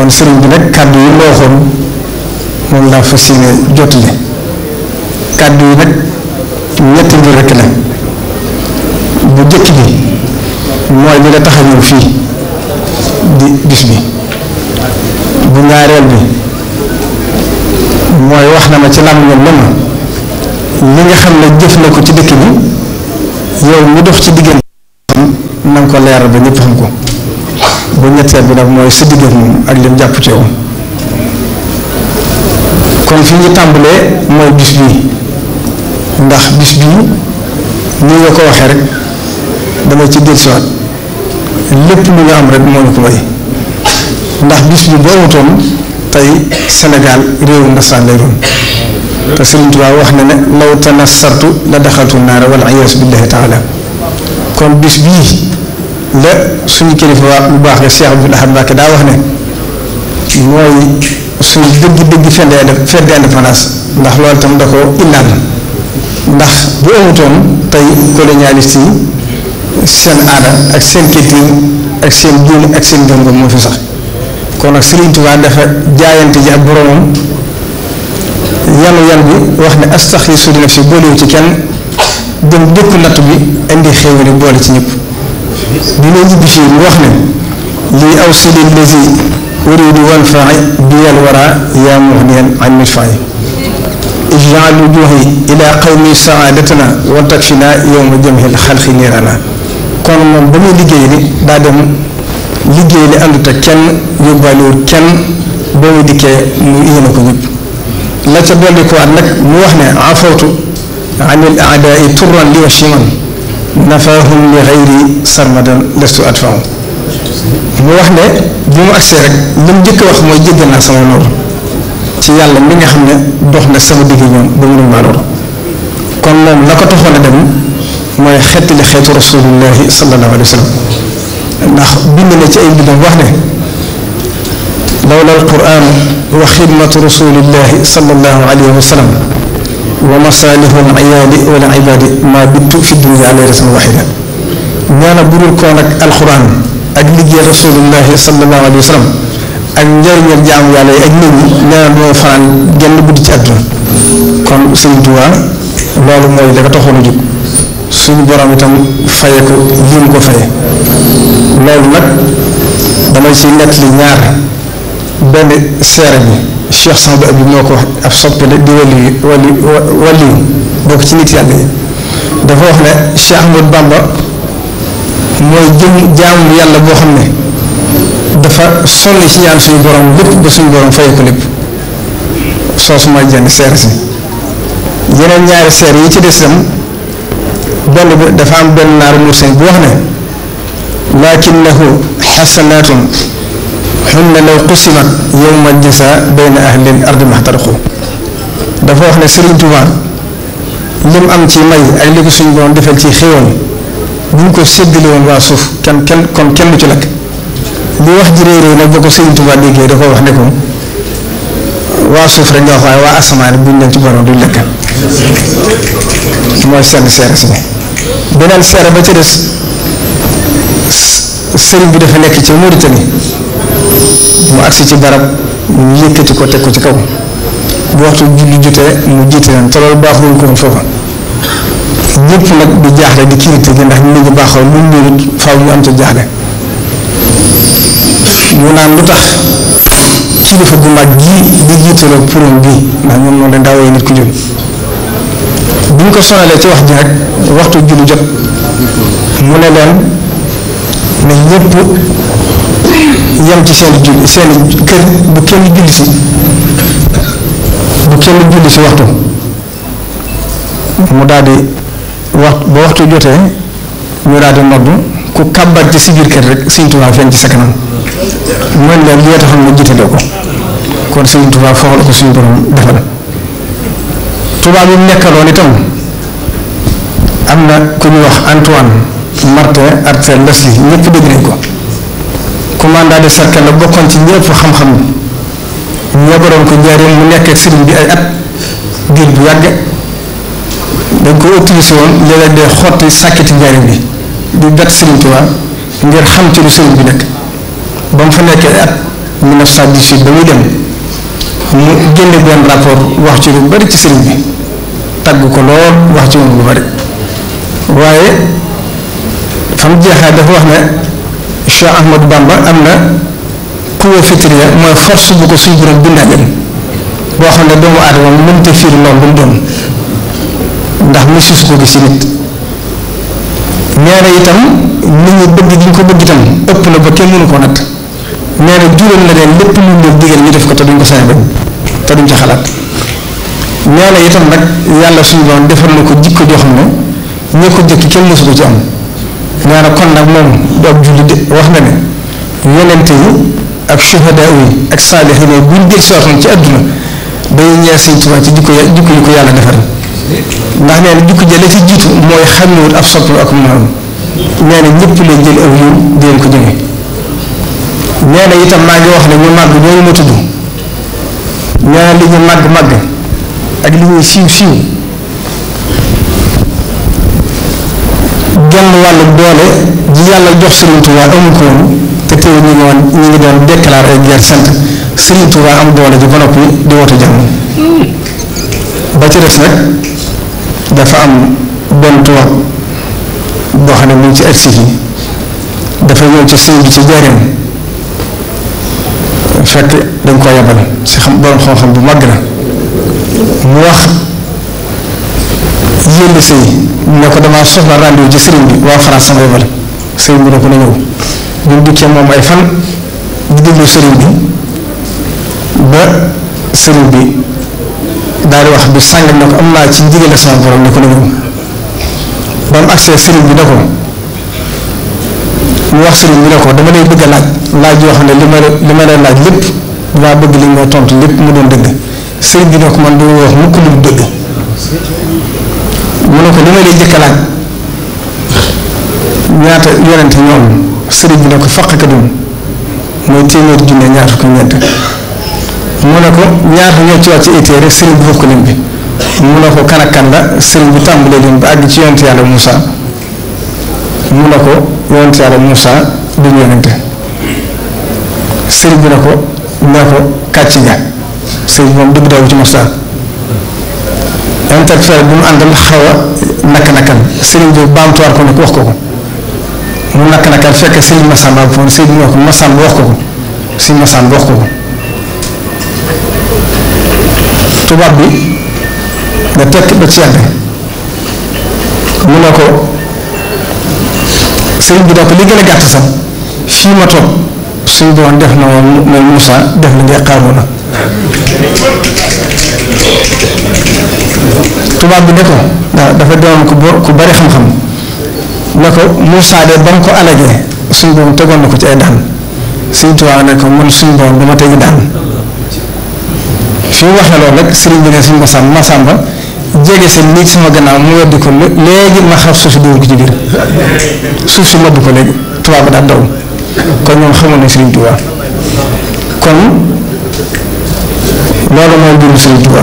kon sëriñ bi nag kàddu yi ma waxoon moom laa fas yéene jotale kàddu yi nag ñetti mbir rekk la bu jëkk bi mooy li la tax a ñëw fii bu ñaareel bi wax na ma ci làmb na ma li nga xam ne jëf na ko ci dëkk bi yow mi dox ci diggante na ko leeral ba ñëpp xam ko ba ñetteel bi nag mooy sa digg moom ak lim jàpp ci yow kon fi ñu tàmbalee mooy bis bi ndax bis bi ni nga ko waxee rek dama ci dellusiwaat lépp lu nga am rek moo ñu ko may ndax bis bi boo wutoon tey Sénégal réewum nasaraan lay doon te Sëriñ Tuubaa wax na ne law tanassartu la daxaltu naara wal iyaas billahi taala kon bis bii la suñu kilifaa bu baax la Cheikh Abdoul Ahad Mbacké daa wax ne mooy suñu dëgg-dëgg fête d'indépendance ndax loolu tam da ko indaal ndax bu amutoon tey colonialiste yi seen aada ak seen culture ak seen diine ak seen gëm-gëm moo fi sax kon nag Serigne Touba dafa jaayante ji ak boromam yanu yan bi wax ne astaxlisu li nafsi boolewu ci kenn dem dëkku natt bi indi xéewali boole ci ñëpp. dina ñibbi fii لأوصل الذي أريد lii بي الوراء يا مهنيا عن faai اجعل وجوهي الى قومي سعادتنا وتكفينا يوم جمه الخلق نيرنا كون من بني لجيلي بعدم لجيلي أن تكن يبالو كن تا كين يوبالو كين لا تا دولي موحنا عفوت عن الاعداء ترا لي وشيما نفاهم لغيري سرمدا لست أدفع موحنا بما أكسر لم جك وخ موجد الناس منور تيال من يخمنا دوحنا سمو ديجيون بمون مارور كون موم لكو تخونا دم ما يخط لخيط رسول الله صلى الله عليه وسلم نخ بمنا تأيب دم وحنا لولا القرآن وخدمة رسول الله صلى الله عليه وسلم waa masaalihul iyaali wala ibaadi maa bittu fi dunya ala rasul waxida ñaana bu dul koo nag alxuraan ak liggéey rasulullahi sallallahu alayhi wa sallam ak njëriñal jaam yàlla yi ak nit ñi nee na doo ci àdduna kon Sëriñ Tuubaa loolu mooy la ko taxoon a ko yéen ko faye loolu nag damay siy nettali ñaar benn seere bi. Cheikh Samba Abdou moo ko wax ab soppe la di wàllu wàllu wàllu bokk ci nit yàlla yi dafa wax ne Cheikh Ahmadou Bamba mooy jëm jaamu yàlla boo xam ne dafa sonn ci ñaan suñu borom lépp ba suñu borom fay ko lépp soosu mooy jenn seer si yeneen ñaari seer yi ci des itam benn bi dafa am benn naaru mursin bu wax ne lakinnahu xasanaatun حنا لو قسمت يوم الجزاء بين اهل الارض ما احترقوا دافو خني سيرن توبا لم ام تي ماي اي ليكو سيرن دون ديفال تي خيون بون كو سيدلي وون وا سوف كان كان كون كان لو تي لك لي واخ جي ري ري نا بوكو سيرن توبا ديغي دافو واخ نيكو وا سوف رنجا خاي وا اسمان بون نتي بارو دي لك ما سان سير سي بنال سير با تي ديس سيرن بي دافا نيك تي موريتاني mu agsi ci barab mu yëkkati ko teg ko ci kaw bu waxtu julli jotee mu jiite leen te loolu baaxul ko woon foofa ñëpp nag di jaaxle di kirite gi ndax ñu ngi baaxoo lu mu ñëwut faaw ñu am ca jaaxle mu naan lu tax kilifa gu mag gii di jiitaloo pourom bii ndax ñoom leen daa nit ku jóg bi ko sonalee ci wax ji waxtu julli jot mu ne leen ne ñëpp yem ci seen i seen kër bu kenn julli si bu kenn julli si waxtu mu daldi wax ba waxtu jotee ñu daal di nodd ku kàbbar ci si biir kër rek Sëñ Tuubaa feeñ ci sa kanam man la li nga taxoon nga jiite nekkaloon itam am na ku ñu wax Antoine Martin Arthur Leslie ñëpp dégg nañ ko. commandant de cercle la bokkoon ci ñëpp xam-xam ñoo boroom ko njaareem mu nekkee ak sëriñ bi ay at diir bu yàgg dañ ko utilisé woon léeg-léeg day xotti sàkketi njaareem bi di bet sëriñ Tuubaa ngir xam ci lu sëriñ bi nekk ba mu fa nekkee at 1918 ba muy dem mu génne benn rapport wax ci lu bari ci sëriñ bi tagg ko lool wax ci moom lu bari waaye fa mu dafa wax ne Cheikh Ahmadou Bamba am na quwa fitria mooy force bu ko suñu borom bindaajal boo xam ne doomu aadama mënta fiir lool lu doon ndax mësus ko gis nit ñaare itam ni ñu bëgg gi ñu ko bëgg itam ëpp na ba kenn mënu ko natt ñaare jural na leen lépp lu leen digal ñu def ko te duñ ko sañ bañ te duñ ci xalaat ñaare itam nag yàlla suñu borom defal na ko jikko joo xam ne ñoo ko jëkk kenn mësu ko ci am nee na kon nag moom du ab jullit wax na ne yonente yi ak shuhada yi ak saalihin yi buñ del siwaatoon ci àdduna dañuy ñeer sëñ Tuubaa ci jikko jikko ko yàlla defaral ndax nee na jële ja jiitu mooy xàmmewut ab sopp ak moom nee na ñëpp lay jël aw yiw di leen ko jëme nee itam maa ngi wax ne ñu màgg ñooñu ma tudd nee na li ñu màgg màgg ak li ñuy siiw siiw genn wàllu doole ji yàlla jox Serigne Touba amu ko woon te teew ñu ngi woon ñu ngi doon déclaré guerre sainte Serigne am doole ji ba noppi di woote jàmm ba ci des nag dafa am benn tubaab boo xam ne mu ngi ci agsi yi dafa ñëw ci sëñ bi ci jaareen fekk dañ koo yabal si xam borom xam-xam bu mag la mu wax yéen sëy ne ko damaa soxla rendez-vous ci sëriñ bi waaw xalaat sama yëngal sëriñ bi ne ko na ñëw ñu dikkee moom ay fan di déglu sëriñ bi ba bi daal wax bi sàngam ne ko am naa ci ndigal sama borom na ñëw ba mu agsee sëriñ mu wax sëriñ bi ne dama lay bëgg a laaj laaj yoo xam ne li ma laaj lépp dama bëgg li nga tontu lépp mu doon dëgg sëriñ bi ne ko man du wax mukk lu dëgg mu ne ko li ma lay jëkk laaj ñaata yonente ñoom sëriñ bi ne ko faq ka dum mooy téeméer junne ñaar fukk ñett mu ne ko ñaata ñoo ci wàcc été rek sëriñ bi ko lim bi mu ne ko kan la sëriñ bi tàmbalee lim ba àgg ci yonente yàlla Moussa mu ne ko yonente yàlla Moussa du yonente sëriñ bi na ko ne ko kàcc ja sëriñ moom dëgg daawu ci Moussa interfere bu mu àndal xaw a nakk-nakkal sëriñ bi baamtuwaat ko ne ko wax ko ko mu nakk-nakkal fekk sëriñ Massamba bu foon sëriñ wax ko Massamba wax ko ko sëriñ Massamba wax ko ko tubaab bi nga tekk ba ci yàgg mu ne ko sëriñ bi donc li gën a gàtt sax fii ma toog suñu doon def na woon mooy Moussa def na ngay xaaroon na tubaab bi ne ko dafa doon ku ku bari xam-xam ne ko Moussa de ba ko alagee suñu borom tegoon na ko ci ay daan suñu tubaab ne ko suñu borom dama tegi daan fi mu waxee loolu rek sëriñ bi ne suñu masamba sama gannaaw mu weddi ko léegi suuf si dugg ci biir suuf si mëbb ko léegi tubaab bi daal daw kon ñoom xamoon na sëriñ tubaab kon لولا ما يدير سي توبا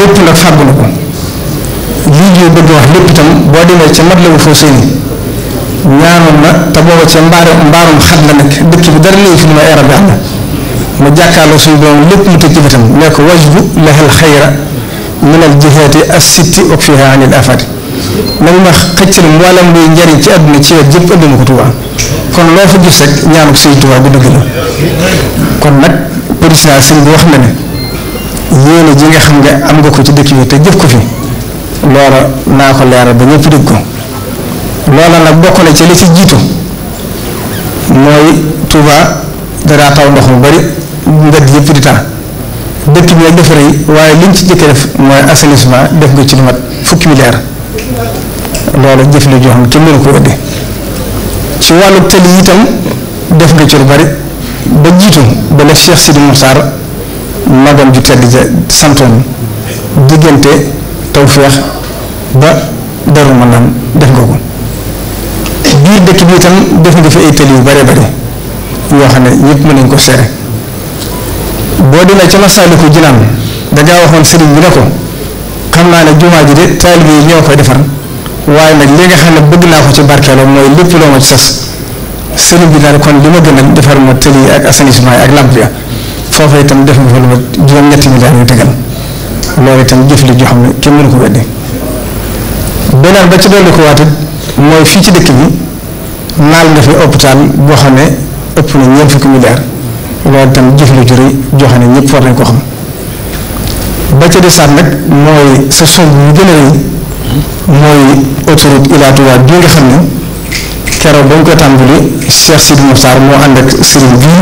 لب نك فاد نكو لي جي بغي واخ لب تام بو ديما سي مات لو فوسيني نيانو نا تا بوبو سي مبار مبارم خاد لا نك دك بي دار لي سي ما ارا بي الله ما جاكالو سي بو لب مو تي تام نيك واجب له الخير من الجهات الست وفيها عن الافات نك ما خيتل موالام لي نجاري سي ادنا سي جيب ادنا كو توبا كون لو فا جيس رك نيانو سي توبا بي دغلا كون نك original sëñ bi wax na ne yéene ji nga xam nga am nga ko ci dëkk bi te jëf ko fi loola naa ko leeral ba ñëpp dégg ko loola nag bokk na ci li ci jiitu mooy Touba danaa taw ndox mu bari mbedd yëpp di waaye liñ ci jëkk def mooy def nga ci lu mat fukki milliard loola jëf la joo xam kenn ko ëdde ci wàllu tëli itam def nga ci lu bari ba jiitu ba la Cheikh Sidi Moukhtar magam ju tedd ja santoon diggante tawféex ba daru ma naan def nga ko biir dëkk bi tam def nga fi ay tëli yu bare bare yoo xam ne ñëpp mën nañ ko seere boo demee ca Masaalikul Jinaan dangaa waxoon sëriñ bi ne ko xam naa ne jumaa ji de taalibe yi ñoo koy defar waaye nag li nga xam ne bëgg naa ko ci barkeeloo mooy lépp loo ma ci sas sëriñ bi daal kon li ma gën a defar ma tëli ak assainissement yi ak lamp foofu foofa tam def na fa lu ma juróom-ñetti milliards yu tegal loolu xam ne kenn mënu ko weddi beneen ba ci dolli ko fii ci dëkk bi naal nga fi hôpital boo xam ne ëpp na ñeent fukki milliards loolu itam jëf lu juri joo xam ne ñëpp war nañ ko xam ba ca desaat nag mooy sa suuf bi ñu gën a rëy mooy autoroute Ila Touba bi nga xam ne. keroog ba ñu koy tàmbali Cheikh Sidi Moukhtar moo ànd ak sëriñ bii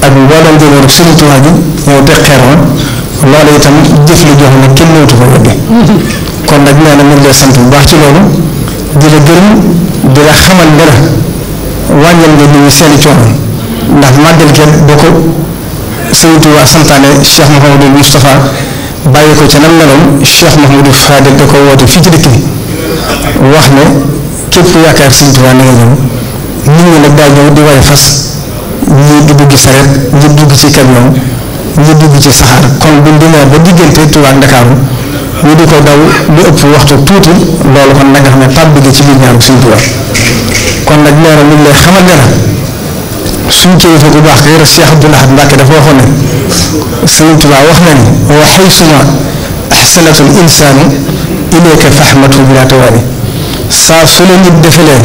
ak mboolem jëloon sëriñ Tuubaa ji ñëw teg xeer ma loolu itam jëf la jox ne kenn ñëwatu ko kon nag nee na ñu ngi lay sant bu baax ci loolu di la gërëm di la xamal ne la nga ñu seeni ndax màggal kenn boo ko sëriñ Tuubaa santaane Cheikh na Moustapha bàyyi ko ca nam meloon Cheikh Mouhamadou Fadel da ko woote fii ci dëkk wax ne képp yaakaar sëñ Tuubaa na nga ñëw nit ñi nag daa ñëw di way fas ñi dugg ci saret ñi dugg ci camion ñi dugg ci saxaar kon bu demee ba diggante Tuubaa ak Ndakaaru ñu di ko daw lu ëpp waxtu tuuti loolu kon na nga xam ne tàbbi gi ci biir ñaanu sëñ Tuubaa kon nag leera lu lay xamal ne la suñ kilifa bu baax kay Cheikh Abdou Lahad Mbacke dafa waxoon ne sëñ Tuubaa wax na ni wa xaysuma ahsanatul insaanu ilayka fahmatu bila tawaani saa su la nit defalee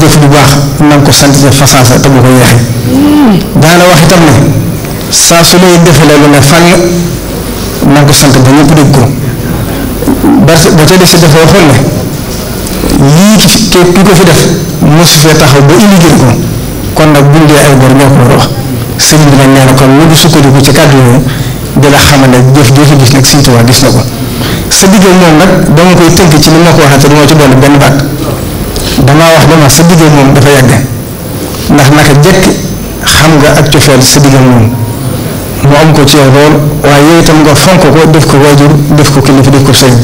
jëf bu baax na nga ko sant ca fasaasa tam bu ko yeexee daana wax itam ne saa su lay defalee lu ne fànn na ko sant ba ñëpp ko ba ba ca des dafa waxoon ne lii ki fi def mosu fee taxaw ba indi kon nag buñ dee ay bor ñoo ko war a wax sëriñ bi nag nee na kon ñu ngi ko ci kàddu yooyu di la xamal ne jëf jëf gis nag Sëriñ Tuubaa gis na ko sa digg moom nag dama koy tënk ci li ma ko waxee te dama ci dolli benn baat damaa wax dama sa digg moom dafa yàgg ndax naka jekk xam nga ak cofeel sa digg moom mu am ko ci yow lool waaye yow itam nga fonk ko def ko waajur def ko kilifa def ko sëriñ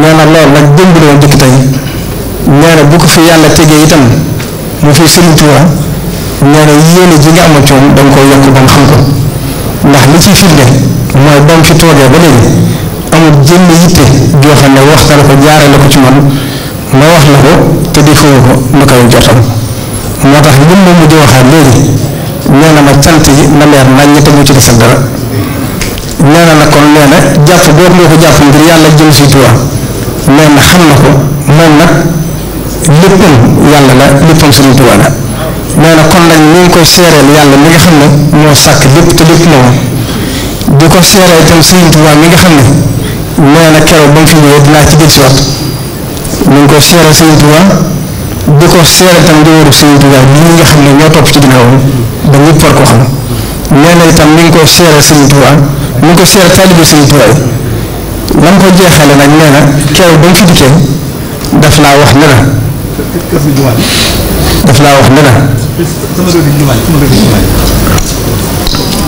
nee na lool nag démb la woon jëkk tey nee bu ko fi yàlla tegee itam mu fi Sëriñ Tuubaa nee na ji nga am ci moom da koo koy yokk ba mu xam ko ndax li ci firnde mooy ba fi toogee ba léegi amul jëmm yitte joo xam ne waxtale ko la ko ci man ma wax la ko te di defoo ko lu koy jotam moo tax lim moom mu di waxaat léegi nee na ma cant yi na leer nañ te mu ci desal dara nee na nag kon na jàpp boobu moo ko jàpp ngir yàlla jëm si tuwa nee na xam na ko moom nag léppam yàlla la léppam suñu tuwa la nee na kon nag ñu ngi koy seereel yàlla mi nga xam ne moo sàkk lépp te lépp moom di ko seereel itam suñu tuwa mi xam ne nee na keroog ba mu fi ñëwee dinaa ci del siwaat mu ngi ko seeral sëñ Tuubaa di ko seeral tam di wërub sëñ Tuubaa ñi nga xam ne ñoo topp ci ginnaawam ba ñëpp war ko xam nee na itam mi ngi ko seeral sëñ Tuubaa mi ngi ko seeral taalibe sëñ Tuubaa yi nam ko jeexale nag nee na keroog ba mu fi dikkee daf laa wax ne la daf laa wax ne la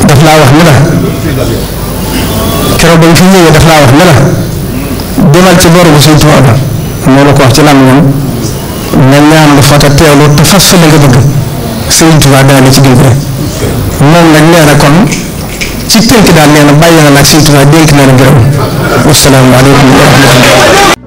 daf laa wax ne la keroog ba ñu fi ñëwee daf naa wax ne demal ci borobu Sëñ Tuubaa ba moo la ko wax ci lan moom nga ñaan lu fa te te fas fa la nga bëgg Sëñ Tuubaa daal ci dimbale moom nag nee na kon ci tënk daal nee na bàyyi na la ak Sëñ Tuubaa dénk na la